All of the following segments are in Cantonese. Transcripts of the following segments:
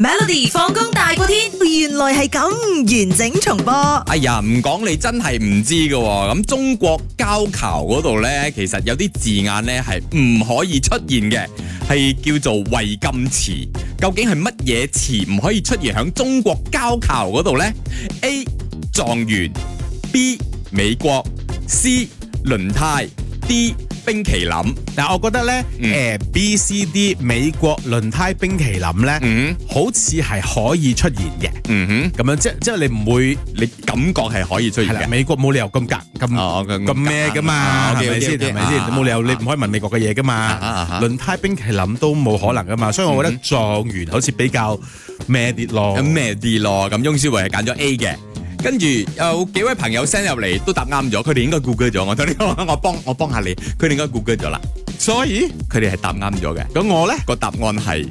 Melody 放工大過天，原來係咁完整重播。哎呀，唔講你真係唔知噶、哦。咁中國高考嗰度呢，其實有啲字眼呢係唔可以出現嘅，係叫做違禁詞。究竟係乜嘢詞唔可以出現響中國高考嗰度呢？A. 狀元，B. 美國，C. 輪胎，D. 冰淇淋，但係，我覺得咧，誒，B、C、D 美國輪胎冰淇淋咧，好似係可以出現嘅，咁樣即即係你唔會，你感覺係可以出現嘅。美國冇理由咁夾咁咁咩噶嘛，係咪先？係咪先？冇理由，你唔可以問美國嘅嘢噶嘛。輪胎冰淇淋都冇可能噶嘛，所以我覺得狀元好似比較咩啲咯，咩啲咯，咁翁思維係揀咗 A 嘅。跟住有幾位朋友 send 入嚟，都答啱咗，佢哋應該 Google 咗。 我同你講，我幫我幫下你，佢哋應該 Google 咗啦。所以佢哋係答啱咗嘅。咁我呢個答案係。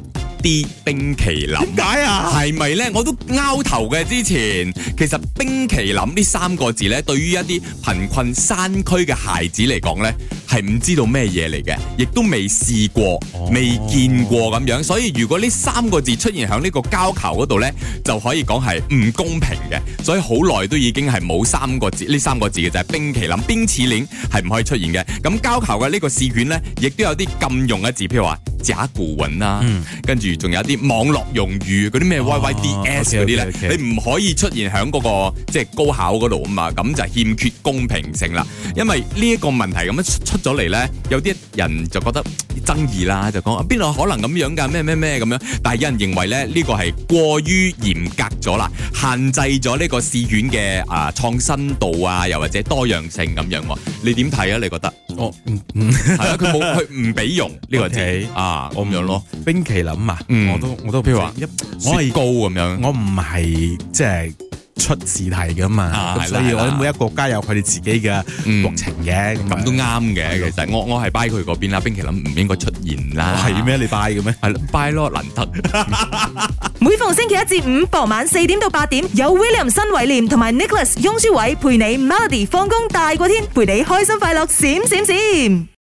冰淇淋解啊？係咪何呢？我都拗頭嘅。之前其實冰淇淋呢三個字呢，對於一啲貧困山區嘅孩子嚟講呢，係唔知道咩嘢嚟嘅，亦都未試過，未見過咁樣。所以如果呢三個字出現響呢個高考嗰度呢，就可以講係唔公平嘅。所以好耐都已經係冇三個字呢三個字嘅就係冰淇淋、冰似鏈係唔可以出現嘅。咁高考嘅呢個試卷呢，亦都有啲禁用嘅字，譬如話。假古文啦、啊，跟住仲有啲網絡用語嗰啲咩 YYDS 嗰啲咧，你唔可以出現喺嗰個即係高考嗰度啊嘛，咁就欠缺公平性啦。因為呢一個問題咁樣出咗嚟咧，有啲人就覺得爭議啦，就講邊度可能咁樣噶咩咩咩咁樣。但係有人認為咧，呢、呢個係過於嚴格咗啦，限制咗呢個試卷嘅啊創新度啊，又或者多樣性咁樣、啊。你點睇啊？你覺得？哦，唔唔係啊，佢冇佢唔俾用呢個字啊，我唔用咯。冰淇淋啊，我都我都譬如話一是雪糕咁樣，我唔係即係。出試題嘅嘛，所以我每一個國家有佢哋自己嘅國情嘅，咁都啱嘅。嗯、其實我、嗯、我係拜佢嗰邊啦，冰淇淋唔應該出現啦。係咩？你拜嘅咩？係啦咯難得。 每逢星期一至五傍晚四點到八點，有 William 新偉廉同埋 Nicholas 翁舒偉陪你 Melody 放工大過天，陪你開心快樂閃，閃閃閃。